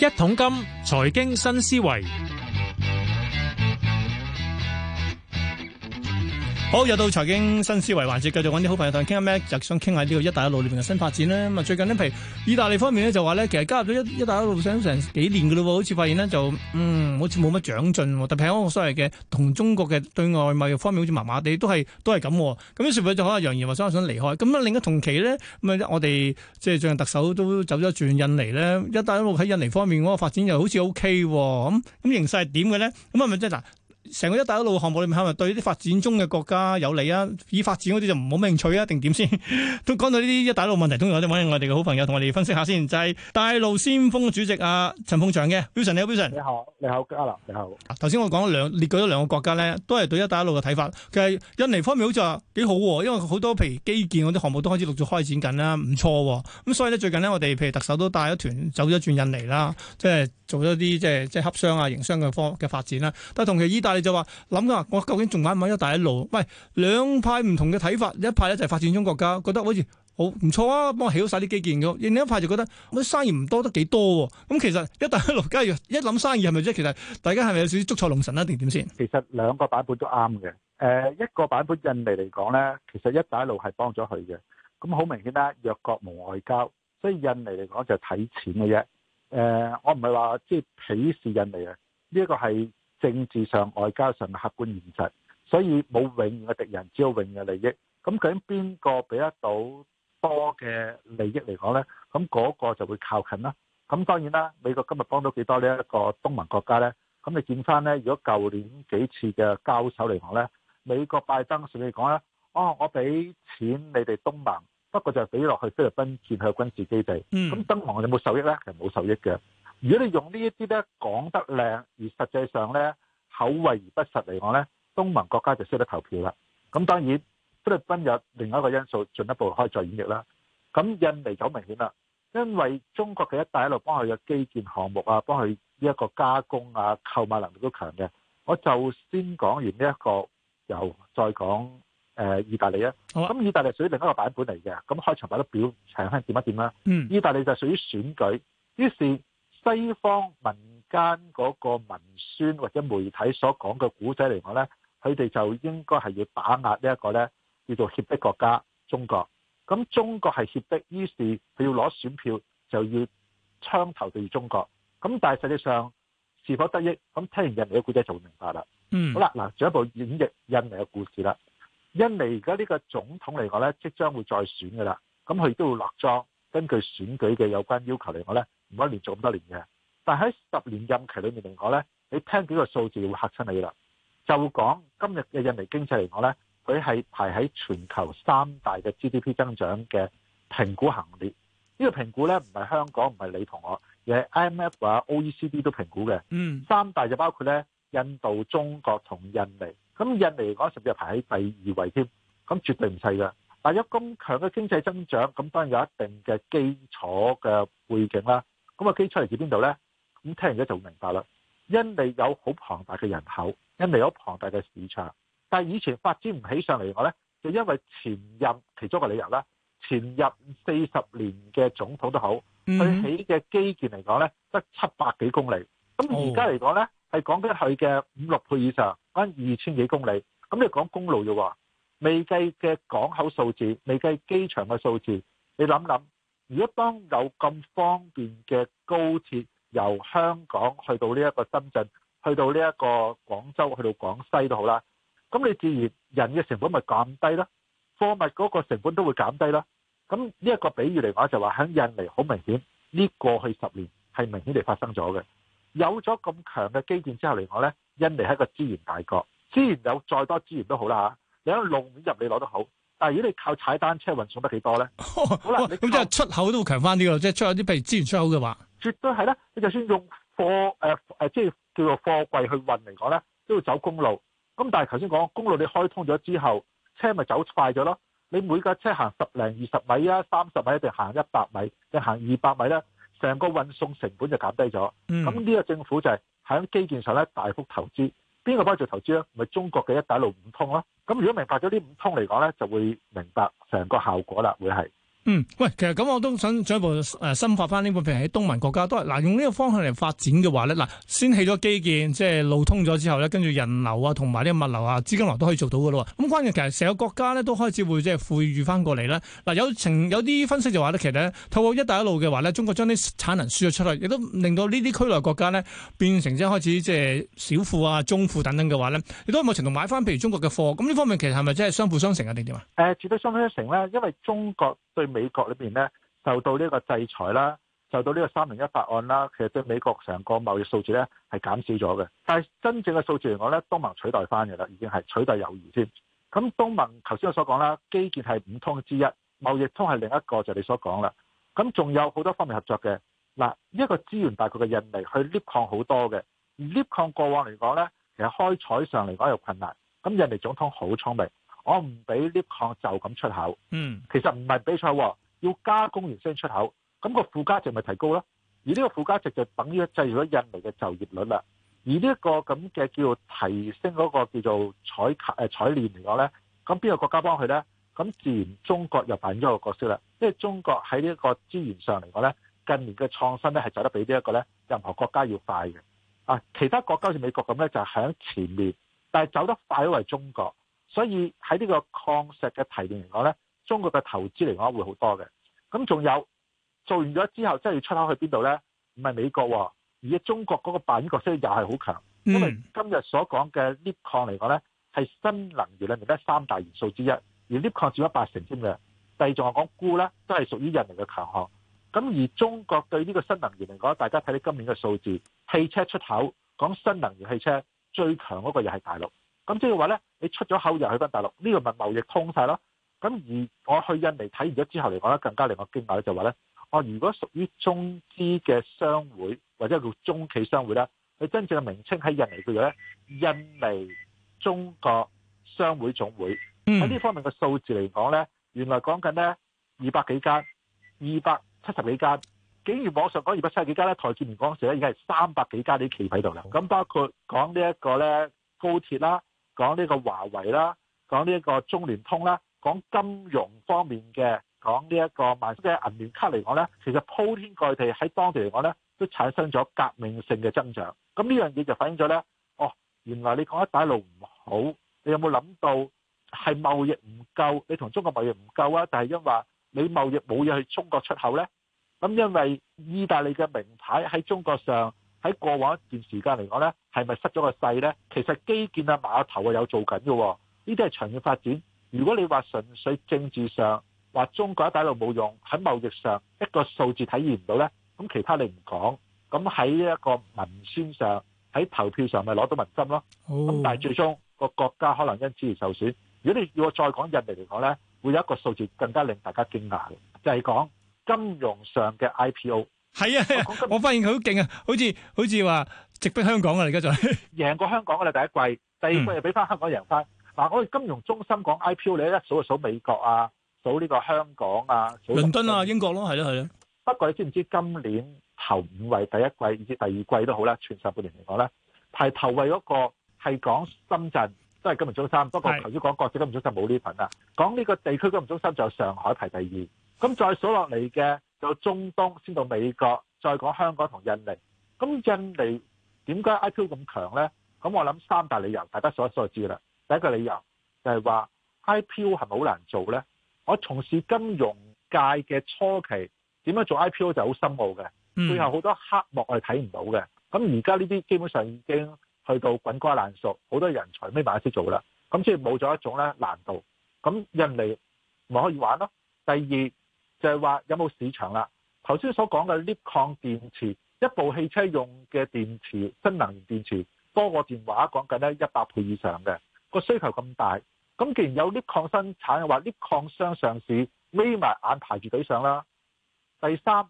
一桶金，財經新思維。好，又到財經新思維環節，繼續揾啲好朋友同我傾下咧，就想傾下呢個一帶一路裏邊嘅新發展咧。咁啊，最近呢，譬如意大利方面呢，就話呢，其實加入咗一一帶一路想成幾年噶咯，好似發現呢，就嗯，好似冇乜長進。特別係個所謂嘅同中國嘅對外貿易方面好似麻麻地，都係都係咁，哦。咁於是咪就可能揚言話想想離開。咁啊，另一同期呢，咁啊，我哋即係最近特首都走咗轉印尼呢。「一帶一路喺印尼方面嗰個發展又好似 OK 咁，哦，咁形勢係點嘅呢？咁啊，咪即係嗱。成個一帶一路項目裏面，係咪對呢啲發展中嘅國家有利啊？以發展嗰啲就唔好咩興趣啊？定點先？ 都講到呢啲一帶一路問題，通常我哋搵我哋嘅好朋友同我哋分析下先。就係、是、大陸先鋒主席啊，陳鳳翔嘅，Wilson 你好，Wilson 你好，你好阿林，你好。頭先、啊、我講兩列舉咗兩個國家呢，都係對一帶一路嘅睇法。其實印尼方面好似話幾好、啊，因為好多譬如基建嗰啲項目都開始陸續開展緊、啊、啦，唔錯、啊。咁、嗯、所以呢，最近呢，我哋譬如特首都帶咗團走咗轉印尼啦，即係做咗啲即係即係洽商啊、營商嘅方嘅發展啦、啊。但係同其就話諗噶，我究竟仲玩唔玩一帶一路？喂，兩派唔同嘅睇法，一派咧就係發展中國家覺得好似好唔錯啊，幫我起好晒啲基建嘅，另一派就覺得啲生意唔多得幾多。咁其實一帶一路，假如一諗生意係咪即係，其實大家係咪有少少捉錯龍神啊？定點先？其實兩個版本都啱嘅。誒，一個版本印尼嚟講咧，其實一帶一路係幫咗佢嘅。咁好明顯啦，弱國無外交，所以印尼嚟講就係睇錢嘅啫。誒，我唔係話即係鄙視印尼啊，呢一個係。政治上、外交上嘅客觀現實，所以冇永遠嘅敵人，只有永遠嘅利益。咁究竟邊個俾得到多嘅利益嚟講呢？咁嗰個就會靠近啦。咁當然啦，美國今日幫到幾多呢一個東盟國家呢？咁你見翻呢，如果舊年幾次嘅交手嚟講呢，美國拜登算嚟講呢，哦，我俾錢你哋東盟，不過就係俾落去菲律賓建個軍事基地。咁東盟有冇受益呢？係冇受益嘅。如果你用這些呢一啲咧講得靚，而實際上咧口惠而不實嚟講咧，東盟國家就識得投票啦。咁當然菲律賓有另一個因素，進一步可以再演繹啦。咁印尼好明顯啦，因為中國嘅一帶一路幫佢嘅基建項目啊，幫佢呢一個加工啊，購買能力都強嘅。我就先講完呢、這、一個，又再講誒、呃、意大利啊。咁意大利屬於另一個版本嚟嘅，咁開場擺得表長翻點一點啦。嗯。意大利就屬於選舉，於是。西方民間嗰個民宣或者媒體所講嘅古仔嚟講呢，佢哋就應該係要把握呢一個呢叫做脅迫國家中國。咁中國係脅迫，於是佢要攞選票就要槍頭對中國。咁但係實際上是否得益？咁聽完印尼嘅古仔就會明白啦。嗯、mm.，好啦，嗱，進一步演繹印尼嘅故事啦。印尼而家呢個總統嚟講呢，即將會再選噶啦。咁佢都會落莊，根據選舉嘅有關要求嚟講呢。唔可以連續做咁多年嘅，但喺十年任期裏面嚟講咧，你聽幾個數字會嚇親你啦。就講今日嘅印尼經濟嚟講咧，佢係排喺全球三大嘅 GDP 增長嘅評估行列。呢個評估咧唔係香港，唔係你同我，而係 IMF 啊、OECD 都評估嘅。嗯，三大就包括咧印度、中國同印尼。咁印尼嚟講，甚至係排喺第二位添。咁絕對唔細㗎。但有咁強嘅經濟增長，咁當然有一定嘅基礎嘅背景啦。咁個基礎嚟自邊度呢？咁聽完咗就明白啦。印尼有好龐大嘅人口，印尼有龐大嘅市場，但以前發展唔起上嚟，我呢，就因為前任其中一個理由啦。前任四十年嘅總統都好，佢起嘅基建嚟講呢，得七百幾公里，咁而家嚟講呢，係、oh. 講緊佢嘅五六倍以上，啱二千幾公里。咁你講公路啫喎，未計嘅港口數字，未計機場嘅數字，你諗諗。如果當有咁方便嘅高鐵由香港去到呢一個深圳，去到呢一個廣州，去到廣西都好啦，咁你自然人嘅成本咪減低啦，貨物嗰個成本都會減低啦。咁呢一個比喻嚟講就話喺印尼好明顯，呢過去十年係明顯地發生咗嘅。有咗咁強嘅基建之後嚟講呢，印尼係一個資源大國，資源有再多資源都好啦嚇，你喺路邊入嚟攞都好。但係如果你靠踩單車運送得幾多咧、哦？好啦咁即係出口都強翻啲咯，即係出口啲譬如資源出口嘅話。絕對係呢，你就算用貨、呃、即係叫做貨櫃去運嚟講咧，都要走公路。咁但係頭先講公路你開通咗之後，車咪走快咗咯？你每架車行十零二十米啊，三十米，一定行一百米定行二百米咧，成個運送成本就減低咗。咁、嗯、呢個政府就係喺基建上咧大幅投資。邊個幫做投資咧？咪中國嘅一帶一路五通咯。咁如果明白咗呢五通嚟講咧，就會明白成個效果啦，會係。嗯，喂，其實咁我都想進一步誒深化翻呢個，譬如喺東盟國家都係嗱，用呢個方向嚟發展嘅話咧，嗱，先起咗基建，即係路通咗之後咧，跟住人流啊，同埋呢個物流啊，資金流都可以做到噶喎。咁關鍵其實成個國家咧都開始會即係富裕翻過嚟啦。嗱，有情有啲分析就話咧，其實呢透過一帶一路嘅話咧，中國將啲產能輸咗出去，亦都令到呢啲區內國家咧變成即開始即係小富啊、中富等等嘅話咧，亦都係某程度買翻譬如中國嘅貨。咁呢方面其實係咪真係相輔相成啊？定點啊？誒，絕對相輔相成啦，因為中國。對美國裏面咧，受到呢個制裁啦，受到呢個三零一法案啦，其實對美國成個貿易數字咧係減少咗嘅。但係真正嘅數字嚟講咧，東盟取代翻嘅啦，已經係取代有餘先。咁東盟頭先我所講啦，基建係五通之一，貿易通係另一個就係你所講啦。咁仲有好多方面合作嘅。嗱，呢一個資源大國嘅印尼去 lift 礦，好多嘅，而 lift 礦，過往嚟講咧，其實開採上嚟講有困難。咁印尼總統好聰明。我唔俾呢抗就咁出口，嗯，其實唔係比賽喎，要加工完先出口，咁個附加值咪提高咯。而呢個附加值就等於製造咗印尼嘅就業率啦。而呢一個咁嘅叫做提升嗰個叫做採購誒採煉嚟講咧，咁邊個國家幫佢咧？咁自然中國又扮演咗個角色啦。因為中國喺呢個資源上嚟講咧，近年嘅創新咧係走得比呢一個咧任何國家要快嘅。啊，其他國家好似美國咁咧，就喺前面，但係走得快都係中國。所以喺呢個礦石嘅提煉嚟講呢，中國嘅投資嚟講會好多嘅。咁仲有做完咗之後，即係要出口去邊度呢？唔係美國，喔，而中國嗰個扮演角色又係好強，因為今日所講嘅鎳礦嚟講呢，係新能源裡面咧三大元素之一，而鎳礦占咗八成添嘅。第二仲係講鈷呢，都係屬於印尼嘅強項。咁而中國對呢個新能源嚟講，大家睇睇今年嘅數字，汽車出口講新能源汽車最強嗰個又係大陸。咁即係話呢。你出咗口又去翻大陸，呢、這個咪貿易通晒咯。咁而我去印尼睇完咗之後嚟講咧，更加令我驚訝咧就話咧，我、哦、如果屬於中資嘅商會或者叫中企商會咧，佢真正嘅名稱喺印尼叫做咧印尼中國商會總會。喺、嗯、呢方面嘅數字嚟講咧，原來講緊咧二百幾間，二百七十幾間，竟然網上講二百七十幾間咧，台前唔講時咧已經係三百幾間啲企業喺度啦。咁包括講呢一個咧高鐵啦。講呢個華為啦，講呢一個中聯通啦，講金融方面嘅，講呢一個萬豐嘅銀聯卡嚟講呢，其實鋪天蓋地喺當地嚟講呢，都產生咗革命性嘅增長。咁呢樣嘢就反映咗呢：哦，原來你講一帶一路唔好，你有冇諗到係貿易唔夠？你同中國貿易唔夠啊？但係因為你貿易冇嘢去中國出口呢。咁因為意大利嘅名牌喺中國上。喺過往一段時間嚟講呢，係咪失咗個勢呢？其實基建啊、碼頭啊有做緊嘅，呢啲係長遠發展。如果你話純粹政治上話中國一帶一路冇用，喺貿易上一個數字體現唔到呢，咁其他你唔講。咁喺一個民宣上，喺投票上咪攞到民心咯。咁、oh. 但係最終個國家可能因此而受損。如果你要我再講印尼嚟講呢，會有一個數字更加令大家驚訝嘅，就係、是、講金融上嘅 IPO。係啊，我我發現佢好勁啊，好似好似話直逼香港啊！而家就贏過香港噶啦，第一季、第二季又俾翻香港贏翻。嗱，我哋金融中心講 IPO，你一數就數美國啊，數呢個香港啊，倫敦啊，英國咯，係啊係啊。不過你知唔知今年頭五位第一季，甚至第二季都好啦，全上半年嚟講咧，排頭位嗰個係講深圳，都係金融中心。不過頭先講國際金融中心冇呢份啦，講呢個地區金融中心就上海排第二。咁再數落嚟嘅。到中東先到美國，再講香港同印尼。咁印尼點解 IPO 咁強呢？咁我諗三大理由，大家數一數就知啦。第一個理由就係話 IPO 係咪好難做呢？我從事金融界嘅初期，點樣做 IPO 就好深奧嘅，背後好多黑幕係睇唔到嘅。咁而家呢啲基本上已經去到滾瓜爛熟，好多人才咩埋一啲做啦。咁即係冇咗一種咧難度，咁印尼咪可以玩咯。第二。就係、是、話有冇市場啦？頭先所講嘅鈉礦電池，一部汽車用嘅電池，新能源電池，多個電話講緊咧一百倍以上嘅個需求咁大。咁既然有鈉礦生產嘅話，鈉礦商上市眯埋眼排住隊上啦。第三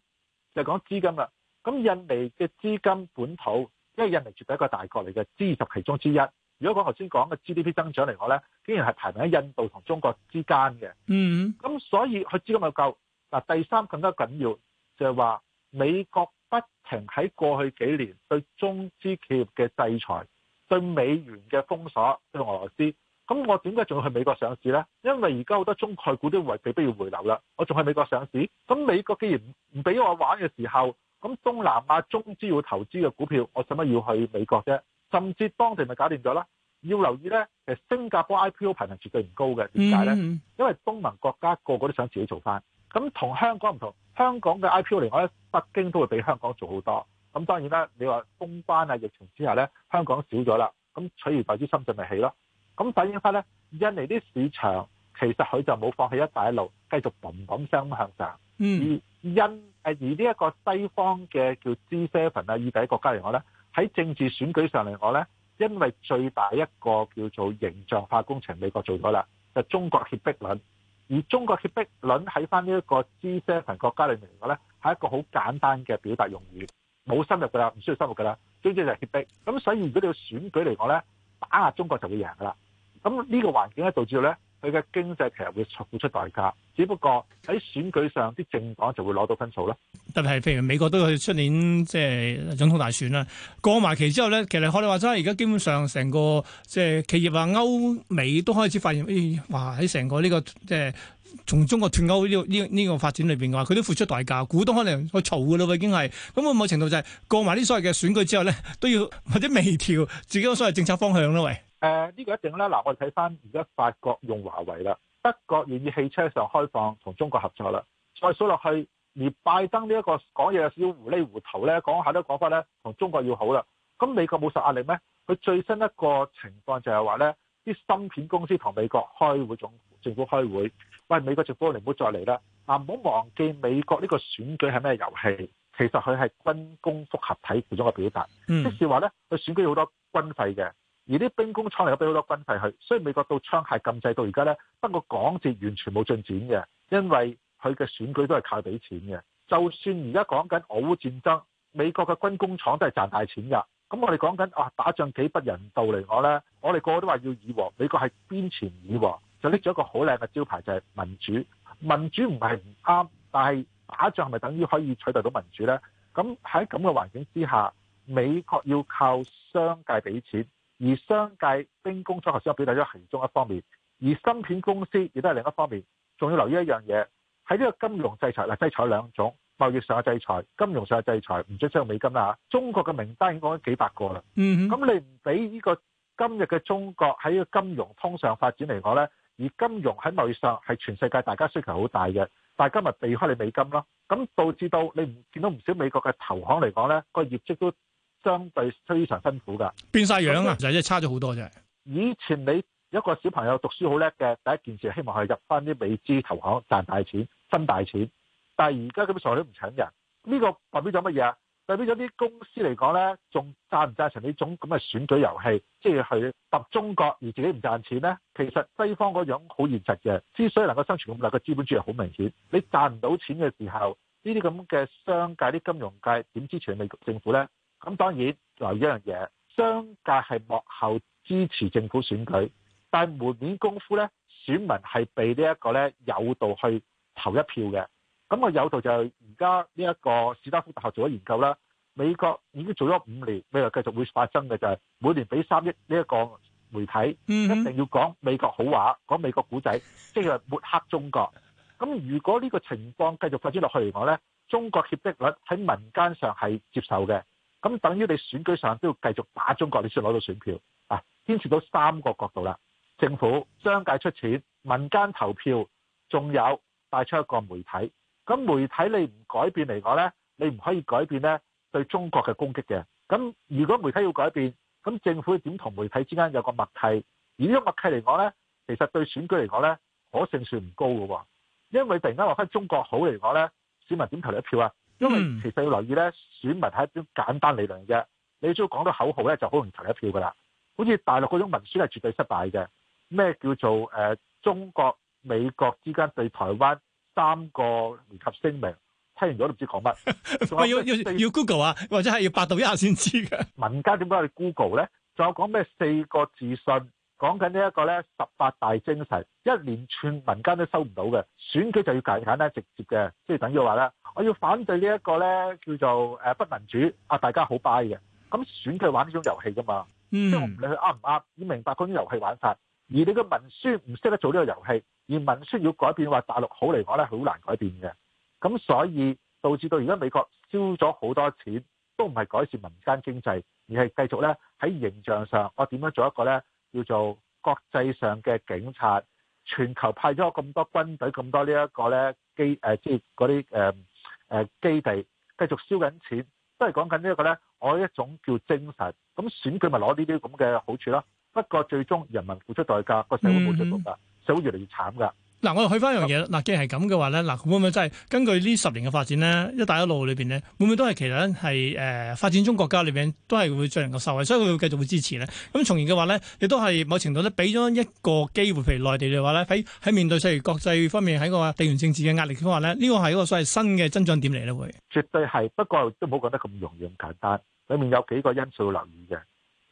就係講資金啦。咁印尼嘅資金本土，因為印尼絕對係一個大國嚟嘅，G20 其中之一。如果講頭先講嘅 GDP 增長嚟講咧，竟然係排名喺印度同中國之間嘅。嗯，咁所以佢資金又夠。嗱，第三更加緊要就係話美國不停喺過去幾年對中資企業嘅制裁、對美元嘅封鎖，對俄羅斯咁，我點解仲要去美國上市呢？因為而家好多中概股都為被逼要回流啦，我仲去美國上市？咁美國既然唔俾我玩嘅時候，咁東南亞中資要投資嘅股票，我使乜要去美國啫？甚至當地咪搞掂咗啦？要留意呢，誒，新加坡 IPO 排名絕對唔高嘅，點解呢？因為東盟國家個個個都想自己做翻。咁同香港唔同，香港嘅 IPO 嚟講咧，北京都會比香港做好多。咁當然啦，你話封關啊、疫情之下咧，香港少咗啦。咁取而代之，深圳咪起咯。咁反映翻咧，印尼啲市場其實佢就冇放棄一帶一路，繼續嘣嘣聲向上。嗯。而因誒而呢一個西方嘅叫 G7 啊，以第一國家嚟講咧，喺政治選舉上嚟講咧，因為最大一個叫做形象化工程，美國做咗啦，就是、中國脅迫論而中國脅迫論喺翻呢一個 G7 國家裏面嚟講咧，係一個好簡單嘅表達用語，沒有，冇深入㗎啦，唔需要深入㗎啦，總之就係脅迫。咁所以如果你要選舉嚟講咧，打壓中國就會贏㗎啦。咁呢個環境咧導致到咧。佢嘅經濟其實會付出代價，只不過喺選舉上啲政黨就會攞到分數啦。特別係譬如美國都要去出年即係、就是、總統大選啦，過埋期之後咧，其實我哋話齋，而家基本上成個即係、就是、企業啊、歐美都開始發現，咦、哎？哇！喺成個呢、這個即係、就是、從中國脫歐呢、這個呢、這個這個發展裏邊嘅話，佢都付出代價，股東可能去吵嘅咯，已經係咁。某程度就係、是、過埋啲所謂嘅選舉之後咧，都要或者微調自己嘅所謂政策方向咯？喂！誒，呢個一定咧。嗱，我哋睇翻而家法國用華為啦，德國願意汽車上開放同中國合作啦。再數落去，而拜登呢一個講嘢有少少糊裡糊塗咧，講下都講翻咧，同中國要好啦。咁美國冇受壓力咩？佢最新一個情況就係話咧，啲芯片公司同美國開會，總政府開會。喂，美國政府你唔好再嚟啦。嗱、啊，唔好忘記美國呢個選舉係咩遊戲？其實佢係軍工複合體其中嘅表達，即是話咧，佢選舉好多軍費嘅。而啲兵工廠嚟有俾好多軍費去，雖然美國到槍械禁制到而家呢，不過港字完全冇進展嘅，因為佢嘅選舉都係靠俾錢嘅。就算而家講緊俄烏戰爭，美國嘅軍工廠都係賺大錢㗎。咁我哋講緊啊，打仗幾不人道嚟講呢，我哋個個都話要以和，美國係邊前以和就拎咗一個好靚嘅招牌就係民主。民主唔係唔啱，但係打仗係咪等於可以取代到民主呢？咁喺咁嘅環境之下，美國要靠商界俾錢。而商界兵工作啱先我表達咗其中一方面，而芯片公司亦都係另一方面，仲要留意一樣嘢喺呢個金融制裁嗱，制裁有兩種，貿易上嘅制裁、金融上嘅制裁，唔再使用美金啦，中國嘅名單已經講咗幾百個啦，嗯哼，咁你唔俾呢個今日嘅中國喺呢個金融通上發展嚟講呢？而金融喺貿易上係全世界大家需求好大嘅，大家咪避開你美金咯，咁導致到你唔見到唔少美國嘅投行嚟講呢個業績都。相對非常辛苦噶，變晒樣啊，就係差咗好多啫。以前你一個小朋友讀書好叻嘅，第一件事是希望係入翻啲美資投行賺大錢、分大錢。但係而家咁傻都唔請人，呢、這個代表咗乜嘢啊？代表咗啲公司嚟講呢，仲贊唔贊成呢種咁嘅選舉遊戲，即係去揼中國而自己唔賺錢呢？其實西方嗰樣好現實嘅，之所以能夠生存咁大，個資本主義好明顯。你賺唔到錢嘅時候，呢啲咁嘅商界、啲金融界點支持美國政府呢？咁當然，來一樣嘢，商界係幕後支持政府選舉，但係門面功夫呢，選民係被呢一個呢誘導去投一票嘅。咁、那個誘導就係而家呢一個史丹福大學做咗研究啦，美國已經做咗五年，未來繼續會發生嘅就係每年俾三億呢一個媒體，一定要講美國好話，講美國故仔，即、就、係、是、抹黑中國。咁如果呢個情況繼續發展落去嚟講呢，中國協迫率喺民間上係接受嘅。咁等於你選舉上都要繼續打中國，你先攞到選票啊！牽涉到三個角度啦：政府、商界出錢、民間投票，仲有帶出一個媒體。咁媒體你唔改變嚟講呢？你唔可以改變呢對中國嘅攻擊嘅。咁如果媒體要改變，咁政府點同媒體之間有個默契？而呢個默契嚟講呢，其實對選舉嚟講呢，可勝算唔高㗎喎。因為突然間話翻中國好嚟講呢，市民點投一票啊？嗯、因為其實要留意咧，選民係一種簡單理論嘅，你只要講到口號咧，就好容易投一票噶啦。好似大陸嗰種文宣係絕對失敗嘅。咩叫做誒、呃、中國美國之間對台灣三個聯合聲明？聽完咗都唔知講乜， 要要要 Google 啊，或者係要百度一下先知嘅。 民間點解要 Google 咧？仲有講咩四個自信？講緊呢一個咧，十八大精神一連串民間都收唔到嘅選舉就要簡簡單直接嘅，即係等於話咧，我要反對呢一個咧叫做誒不民主啊，大家好 buy 嘅咁選佢玩呢種遊戲㗎嘛，即係我唔理佢啱唔啱，要、就是、明白嗰啲遊戲玩法。而你個文書唔識得做呢個遊戲，而文書要改變話大陸好嚟講咧，好難改變嘅。咁所以導致到而家美國燒咗好多錢，都唔係改善民間經濟，而係繼續咧喺形象上，我點樣做一個咧？叫做國際上嘅警察，全球派咗咁多軍隊，咁多呢一個咧基誒，即係嗰啲誒誒基地，繼續燒緊錢，都係講緊呢一個咧，我一種叫精神，咁選舉咪攞呢啲咁嘅好處咯。不過最終人民付出代價，個社會冇出息，社、mm、會 -hmm. 越嚟越慘㗎。嗱，我哋去翻一樣嘢嗱，既然係咁嘅話咧，嗱，會唔會真係根據呢十年嘅發展咧？一帶一路裏邊咧，會唔會都係其實咧係誒發展中國家裏邊都係會最能夠受惠，所以佢會繼續會支持咧。咁從而嘅話咧，亦都係某程度咧俾咗一個機會，譬如內地嘅話咧，喺喺面對譬如國際方面喺個地緣政治嘅壓力嘅話咧，呢、這個係一個所謂新嘅增長點嚟咧，會絕對係。不過都冇講得咁容易咁簡單，裏面有幾個因素要留意嘅，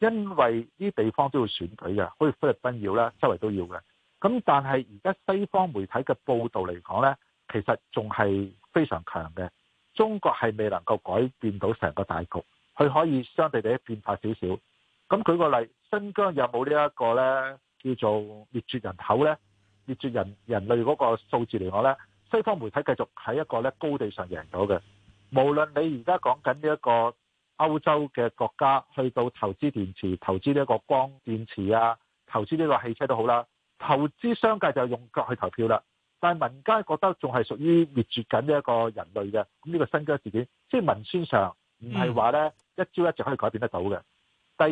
因為啲地方都要選舉嘅，好似菲律賓要啦，周圍都要嘅。咁但係而家西方媒體嘅報道嚟講呢，其實仲係非常強嘅。中國係未能夠改變到成個大局，佢可以相對地變化少少。咁舉個例，新疆有冇呢一個呢叫做滅絕人口呢？「滅絕人人類嗰個數字嚟講呢，西方媒體繼續喺一個呢高地上贏咗嘅。無論你而家講緊呢一個歐洲嘅國家去到投資電池、投資呢一個光電池啊、投資呢個汽車都好啦。投資商界就用腳去投票啦，但係民間覺得仲係屬於滅絕緊呢一個人類嘅，咁呢個新疆事件，即係文宣上唔係話呢一朝一夕可以改變得到嘅、嗯。第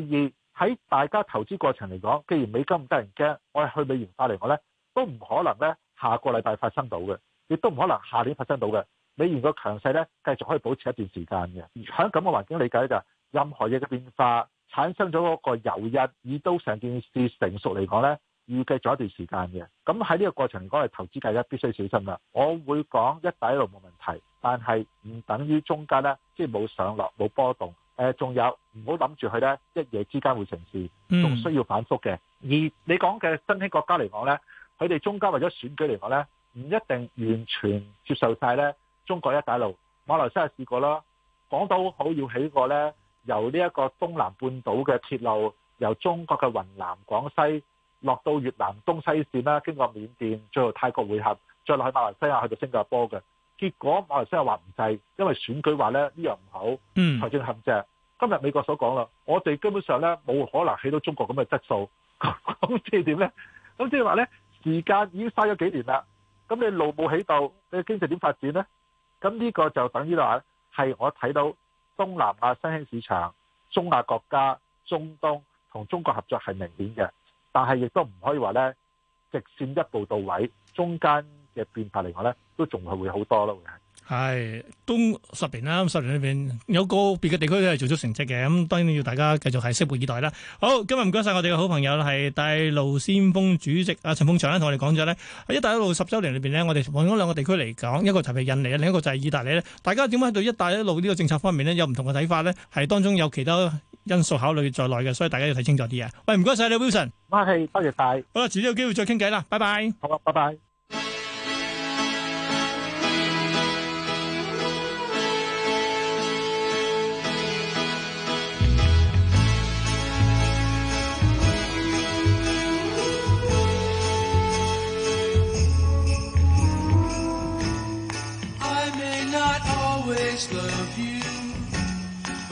二喺大家投資過程嚟講，既然美金唔得人驚，我係去美元化嚟講呢，都唔可能呢下個禮拜發生到嘅，亦都唔可能下年發生到嘅。美元個強勢呢，繼續可以保持一段時間嘅。喺咁嘅環境理解就係、任何嘢嘅變化產生咗嗰個由日，以到成件事成熟嚟講呢。預計咗一段時間嘅咁喺呢個過程嚟講，係投資界呢必須小心啦。我會講一帶一路冇問題，但係唔等於中間呢，即係冇上落冇波動。呃，仲有唔好諗住佢呢，一夜之間會成事，仲需要反覆嘅。而你講嘅新興國家嚟講呢，佢哋中間為咗選舉嚟講呢，唔一定完全接受晒呢中國一帶路。馬來西亞試過啦，講到好要起過呢，由呢一個東南半島嘅鐵路由中國嘅雲南廣西。落到越南東西線啦，經過緬甸，最後泰國會合，再落去馬來西亞去到新加坡嘅結果。馬來西亞話唔制，因為選舉話咧呢樣唔好，財政陷阱。嗯、今日美國所講啦，我哋根本上咧冇可能起到中國咁嘅質素咁，即係點咧？咁即係話咧，時間已經嘥咗幾年啦。咁你路冇起到，你經濟點發展咧？咁呢個就等於話係我睇到東南亞新興市場、中亞國家、中東同中國合作係明顯嘅。但係亦都唔可以話咧，直線一步到位，中間嘅變化嚟講咧，都仲係會好多咯，會係。係，都十年啦，十年裏邊有個別嘅地區都係做出成績嘅，咁當然要大家繼續係拭目以待啦。好，今日唔該晒我哋嘅好朋友係大路先鋒主席啊陳鳳翔咧，同我哋講咗咧，喺一帶一路十週年裏邊呢，我哋往嗰兩個地區嚟講，一個就係印尼啦，另一個就係意大利咧。大家點解對一帶一路呢個政策方面呢，有唔同嘅睇法呢？係當中有其他因素考慮在內嘅，所以大家要睇清楚啲啊！喂，唔該晒你，Wilson，咁啊，係，多謝晒，好啦，遲啲有機會再傾偈啦，拜拜，好啊，拜拜。